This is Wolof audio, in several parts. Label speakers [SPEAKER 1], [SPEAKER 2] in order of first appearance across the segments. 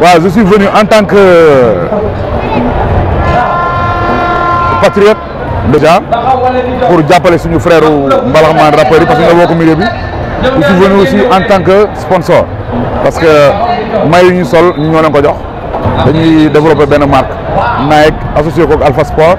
[SPEAKER 1] waaw je suis venu en tant que patriote déjà pour jàppale suñu frère mbalaxmaan rappeur yi parce que nga boo ko milieu bi je venu aussi en tant que sponsor parce que may yu ñu sol ñu ñoo leen ko jox dañuy développer benn marque Nike associé ko ak Alpha Sport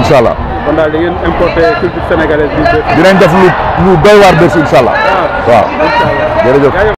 [SPEAKER 1] incha allah.
[SPEAKER 2] kon daal da ngeen importé culture sénégalaise bi. dinañ
[SPEAKER 1] def lu lu